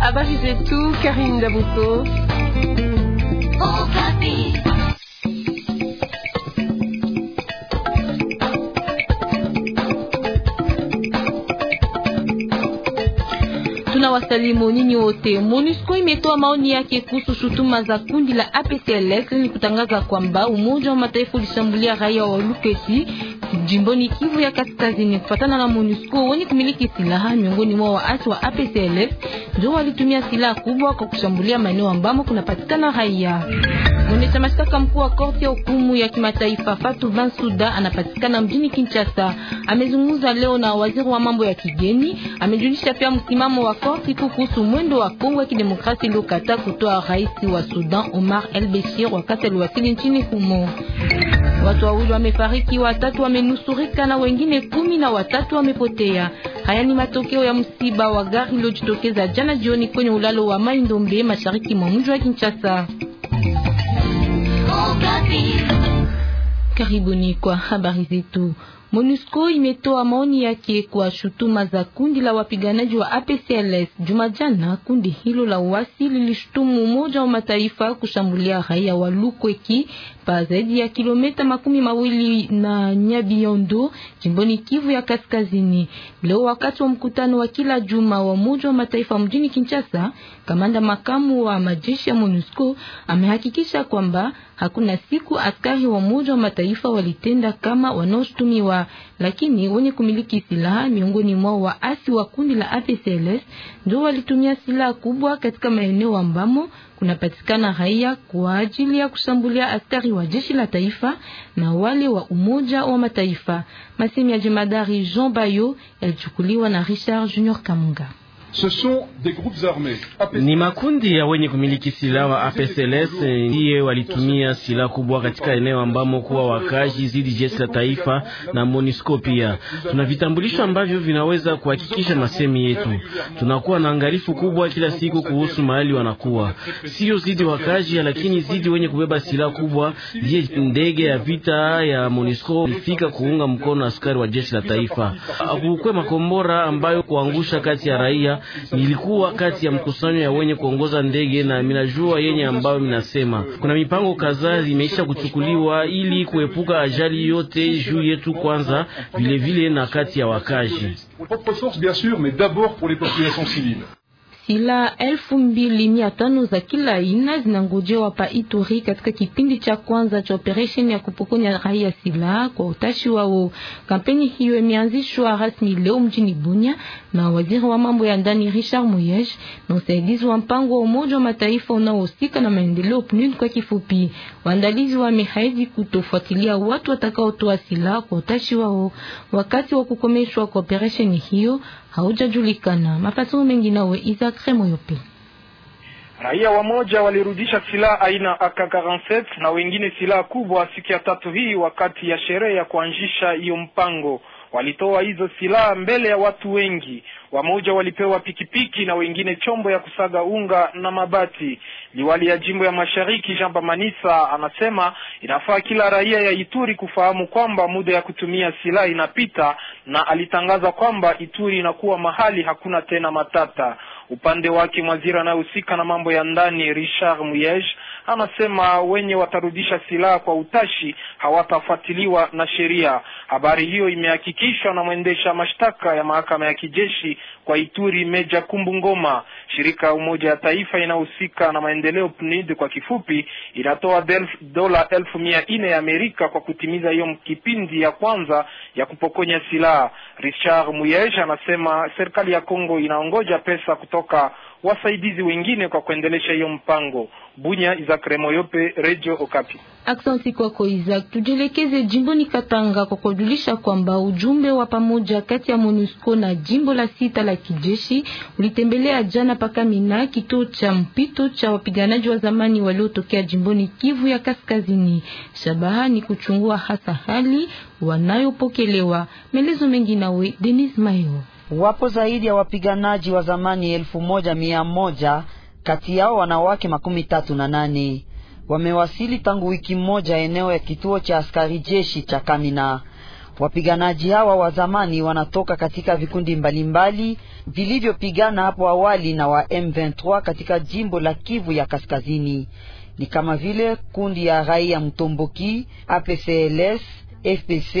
Habari zetu Karim Dabuto. Okapi. Tunawasalimu nyinyi wote. MONUSCO imetoa maoni yake kuhusu shutuma za kundi la APCLS ni kutangaza kwamba Umoja wa Mataifa ulishambulia raia wa Lupesi jimboni Kivu ya Kaskazini, kufatana na MONUSCO, wenye kumiliki silaha miongoni mwa waasi wa APCLF ndio walitumia silaha kubwa kwa kushambulia maeneo ambamo kunapatikana raia. Mwendesha mashtaka mkuu wa korti ya hukumu ya kimataifa Fatou Bensouda anapatikana mjini Kinshasa. Amezungumza leo na waziri wa mambo ya kigeni, amejulisha pia msimamo wa korti kuhusu mwendo wa Kongo ya Kidemokrasia iliyokata kutoa rais wa Sudan Omar El Bashir wakati aliwasili nchini humo. Watu wawili wamefariki, watatu wamenusurika na wengine kumi na watatu wamepotea. Haya ni matokeo ya msiba wa gari lilojitokeza jana jioni kwenye ulalo wa Maindombe mashariki mwa mji wa Kinshasa. Oh, Karibuni kwa habari zetu. MONUSCO imetoa maoni yake kwa shutuma za kundi la wapiganaji wa APCLS. Jumajana kundi hilo la uasi lilishutumu Umoja wa Mataifa kushambulia raia wa Lukweki pa zaidi ya kilomita makumi mawili na Nyabiondo jimboni Kivu ya Kaskazini. Leo wakati wa mkutano wa kila juma wa Umoja wa Mataifa mjini Kinshasa, kamanda makamu wa majeshi ya MONUSCO amehakikisha kwamba hakuna siku askari wa Umoja wa Mataifa walitenda kama wanaoshutumiwa lakini wenye kumiliki silaha miongoni mwao waasi wa kundi la APCLS ndio walitumia silaha kubwa katika maeneo ambamo kunapatikana raia kwa ajili ya kushambulia askari wa jeshi la taifa na wale wa Umoja wa Mataifa. Masemi ya jemadari Jean Bayo yalichukuliwa na Richard Junior Kamunga. Ni makundi ya wenye kumiliki silaha APCLS ndiye walitumia silaha kubwa katika eneo ambamo kuwa wakaji zidi jeshi la taifa na MONUSCO. Pia tuna vitambulisho ambavyo vinaweza kuhakikisha masemi yetu. Tunakuwa na angalifu kubwa kila siku kuhusu mahali wanakuwa, sio zidi wakaji, lakini zidi wenye kubeba silaha kubwa. Ndiye ndege ya vita ya MONUSCO ilifika kuunga mkono askari wa jeshi la taifa, akukwe makombora ambayo kuangusha kati ya raia nilikuwa kati ya mkusanyo ya wenye kuongoza ndege na minajua yenye ambayo minasema kuna mipango kadhaa zimeisha kuchukuliwa ili kuepuka ajali yote juu yetu kwanza, vilevile vile na kati ya wakazi silaha elfu mbili mia tano za kila aina zinangojewa pa Ituri katika kipindi cha kwanza cha operesheni ya kupokonya raia silaha kwa utashi wao. Kampeni hiyo imeanzishwa rasmi leo mjini Bunia na waziri wa mambo ya ndani Richard Muyej na usaidizi wa mpango wa Umoja wa Mataifa unaohusika na maendeleo PNUD kwa kifupi. Waandalizi wamehaidi kutofuatilia watu watakaotoa silaha kwa utashi wao wakati wa kukomeshwa kwa operesheni hiyo haujajulikana. Mafasiri mengi e nawe Isaac Remoyo pia Raia wamoja walirudisha silaha aina AK47 na wengine silaha kubwa siku ya tatu hii wakati ya sherehe ya kuanzisha hiyo mpango walitoa hizo silaha mbele ya watu wengi. Wamoja walipewa pikipiki na wengine chombo ya kusaga unga na mabati. Liwali ya jimbo ya mashariki Jamba Manisa anasema inafaa kila raia ya Ituri kufahamu kwamba muda ya kutumia silaha inapita, na alitangaza kwamba Ituri inakuwa mahali hakuna tena matata. Upande wake mwaziri anayehusika na mambo ya ndani Richard Muyege anasema wenye watarudisha silaha kwa utashi hawatafuatiliwa na sheria. Habari hiyo imehakikishwa na mwendesha mashtaka ya mahakama ya kijeshi kwa Ituri, Meja Kumbu Ngoma. Shirika ya Umoja ya Taifa inayohusika na maendeleo PNID kwa kifupi, inatoa dola elfu mia nne ya Amerika kwa kutimiza hiyo kipindi ya kwanza ya kupokonya silaha. Richard Muyesh anasema serikali ya Kongo inaongoja pesa kutoka wasaidizi wengine kwa kuendelesha hiyo mpango. Bunya, Isaac Remoyope, Radio Okapi. Aksanti kwako Isaac. tujelekeze jimboni Katanga kwa kujulisha kwamba ujumbe wa pamoja kati ya MONUSCO na jimbo la sita la kijeshi ulitembelea jana Pakamina, kituo cha mpito cha wapiganaji wa zamani waliotokea jimboni Kivu ya Kaskazini. Shabaha ni kuchungua hasa hali wanayopokelewa. Maelezo mengi nawe Denis Mayo. Wapo zaidi ya wapiganaji wa zamani elfu moja mia moja kati yao wanawake makumi tatu na nane wamewasili tangu wiki moja eneo ya kituo cha askari jeshi cha Kamina. Wapiganaji hawa wa zamani wanatoka katika vikundi mbalimbali vilivyopigana hapo awali na wa M23 katika jimbo la Kivu ya Kaskazini, ni kama vile kundi ya raia Mtomboki, APCLS, FPC,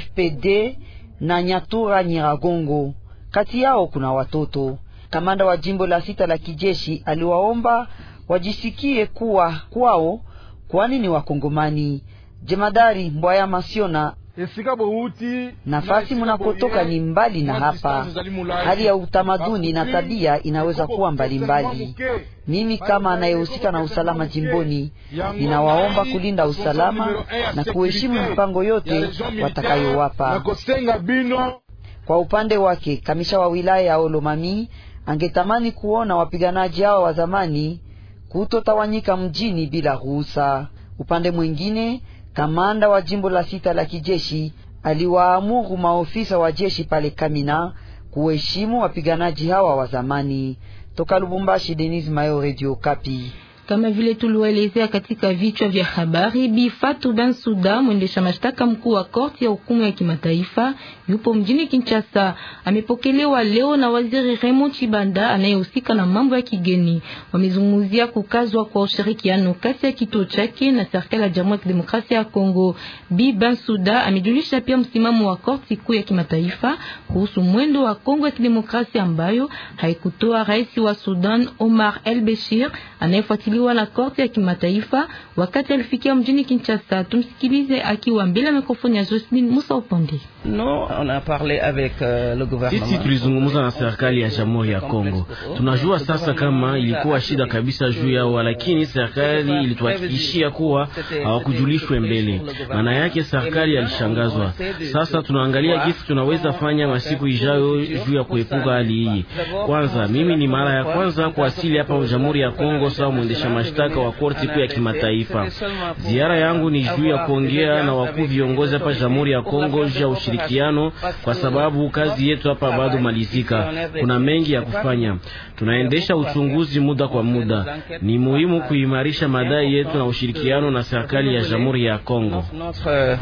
FPD na Nyatura Nyiragongo. Kati yao kuna watoto. Kamanda wa jimbo la sita la kijeshi aliwaomba wajisikie kuwa kwao, kwani ni Wakongomani. Jemadari Mbwaya Masiona nafasi munakotoka ni mbali na hapa. Hali ya utamaduni na tabia inaweza kuwa mbalimbali. Mimi kama anayehusika na usalama jimboni, ninawaomba kulinda usalama na kuheshimu mipango yote watakayowapa. Kwa upande wake, kamisha wa wilaya ya Olomami angetamani kuona wapiganaji hawa wa zamani kutotawanyika mjini bila ruhusa. Upande mwingine Kamanda wa jimbo la sita la kijeshi aliwaamuru maofisa wa jeshi pale Kamina kuheshimu wapiganaji hawa wa zamani. Toka Lubumbashi, Denis Mayo, Radio Kapi kama vile tuliwaelezea katika vichwa vya habari. Bi Fatou Bensouda, mwendesha mashtaka mkuu wa korti ya hukumu ya kimataifa, yupo mjini Kinshasa. Amepokelewa leo na waziri Raymond Chibanda anayehusika na mambo ya kigeni. Wamezungumzia kukazwa kwa ushirikiano kati ya kituo chake na serikali ya Jamhuri ya Kidemokrasia ya Kongo. Bi Bensouda amejulisha pia msimamo wa korti kuu ya kimataifa kuhusu mwendo wa Kongo ya Kidemokrasia ambayo haikutoa rais wa Sudan Omar El Bashir anayefuatilia kuchukuliwa na korti ya kimataifa wakati alifikia mjini Kinshasa. Tumsikilize akiwa mbele ya mikrofoni ya Jocelyn Musa Upondi. No, on a parlé avec euh, le gouvernement. Sisi tulizungumza na serikali ya Jamhuri ya Kongo. Tunajua sasa kama ilikuwa shida kabisa juu yao, lakini serikali ilituhakikishia kuwa hawakujulishwe mbele. Maana yake serikali alishangazwa. Sasa tunaangalia jinsi tunaweza fanya masiku ijayo juu ya kuepuka hali hii. Kwanza mimi ni mara ya kwanza kuasili hapa Jamhuri ya Kongo sawa mwendesha mwendesha mashtaka wa korti kuu ya kimataifa. Ziara yangu ni juu ya kuongea na wakuu viongozi hapa Jamhuri ya Kongo juu ya ushirikiano, kwa sababu kazi yetu hapa bado malizika. Kuna mengi ya kufanya, tunaendesha uchunguzi muda kwa muda. Ni muhimu kuimarisha madai yetu na ushirikiano na serikali ya Jamhuri ya Kongo. Euh,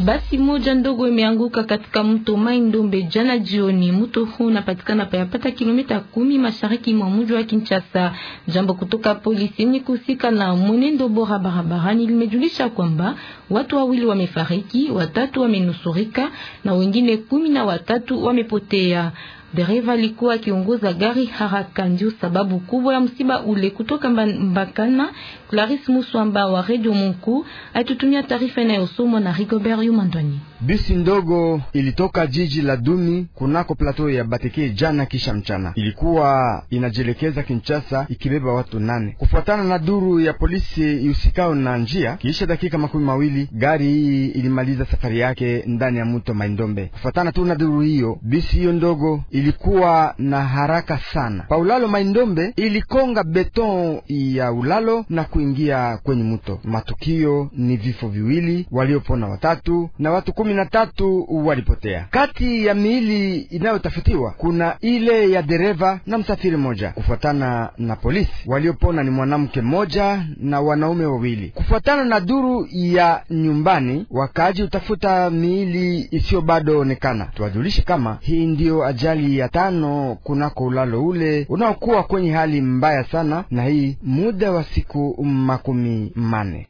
basi moja ndogo imeanguka katika mto Maindombe jana jioni. Mto huu unapatikana payapata kilomita kumi mashariki mwa mji wa Kinshasa. Jambo kutoka polisi ni kusika na mwenendo bora barabarani limejulisha kwamba watu wawili wamefariki, watatu wamenusurika na wengine kumi na watatu wamepotea. Dereva alikuwa akiongoza gari haraka, ndio sababu kubwa ya msiba ule. Kutoka Mbakana, Clarisse Muswamba wa Radio Monku atutumia taarifa inayosomwa na Rigobert Yumandoni. Bisi ndogo ilitoka jiji la Dumi kunako plato ya Batekee jana kisha mchana, ilikuwa inajielekeza Kinshasa ikibeba watu nane, kufuatana na duru ya polisi ihusikao na njia. Kisha dakika makumi mawili gari hii ilimaliza safari yake ndani ya mto Maindombe. Kufuatana tu na duru hiyo, bisi hiyo ndogo ilikuwa na haraka sana paulalo Maindombe, ilikonga beton ya ulalo na kuingia kwenye mto. Matukio ni vifo viwili, waliopona watatu na watu kumi kumi na tatu walipotea. Kati ya miili inayotafutiwa kuna ile ya dereva na msafiri mmoja. Kufuatana na polisi, waliopona ni mwanamke mmoja na wanaume wawili. Kufuatana na duru ya nyumbani, wakaaji utafuta miili isiyo bado onekana. Tuwajulishe kama hii ndiyo ajali ya tano kunako ulalo ule unaokuwa kwenye hali mbaya sana, na hii muda wa siku makumi mane.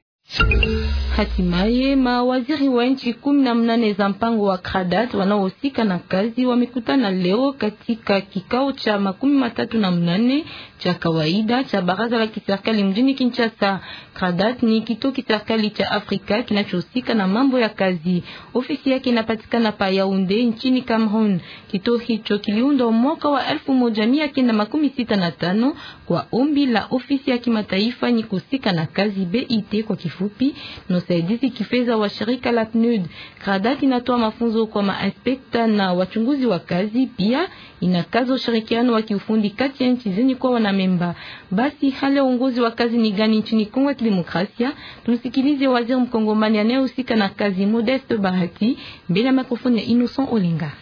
Hatimaye mawaziri wa nchi kumi na mnane za mpango wa Kradat wanaohusika na kazi wamekutana leo katika kikao cha makumi matatu na mnane cha kawaida cha baraza la kiserikali mjini Kinshasa. Kradat ni kituo kiserikali cha Afrika kinachohusika na mambo ya kazi. Ofisi yake inapatikana pa Yaunde nchini Cameroon. Kituo hicho kiliundwa mwaka wa elfu moja mia kenda makumi sita na tano kwa ombi la ofisi ya kimataifa ni kuhusika na kazi BIT kwa kifupi no usaidizi kifedha wa shirika la PNUD. Kradat inatoa mafunzo kwa maaspekta na wachunguzi wa kazi, pia inakaza ushirikiano wa kiufundi kati ya nchi zenye kuwa wanamemba. Basi hali ya uongozi wa kazi ni gani nchini Kongo ya Kidemokrasia? Tumsikilize waziri mkongomani anayehusika na kazi Modeste Bahati mbele ya mikrofoni ya Innocent Olinga.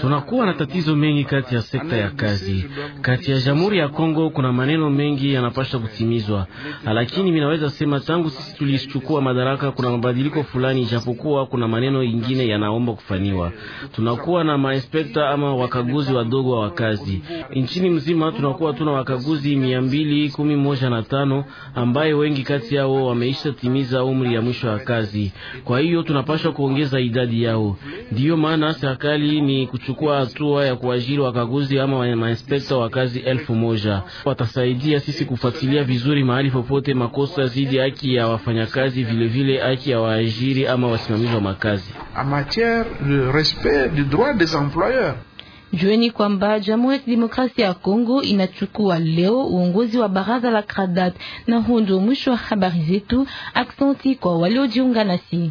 Tunakuwa na tatizo mengi kati ya sekta ya kazi kati ya Jamhuri ya Kongo. Kuna maneno mengi yanapasha kutimizwa, lakini minaweza sema tangu sisi tulichukua madaraka kuna mabadiliko fulani, japokuwa kuna maneno ingine yanaomba kufanyiwa. Tunakuwa na mainspekta ama wakaguzi wadogo wa wakazi nchini mzima. Tunakuwa tuna wakaguzi mia mbili kumi moja na tano ambaye wengi kati yao wameisha timiza umri ya mwisho wa kazi. Kwa hiyo tunapasha kuongeza idadi yao. Ndiyo maana serikali ni kuchukua hatua ya kuajiri wakaguzi ama mainspekta wa kazi elfu moja watasaidia sisi kufuatilia vizuri mahali popote makosa zidi haki ya wafanyakazi, vilevile haki ya waajiri ama wasimamizi wa makazi. Jueni kwamba Jamhuri ya Kidemokrasia ya Kongo inachukua leo uongozi wa baraza la Kradat, na huo ndio mwisho wa habari zetu. Aksanti kwa waliojiunga nasi.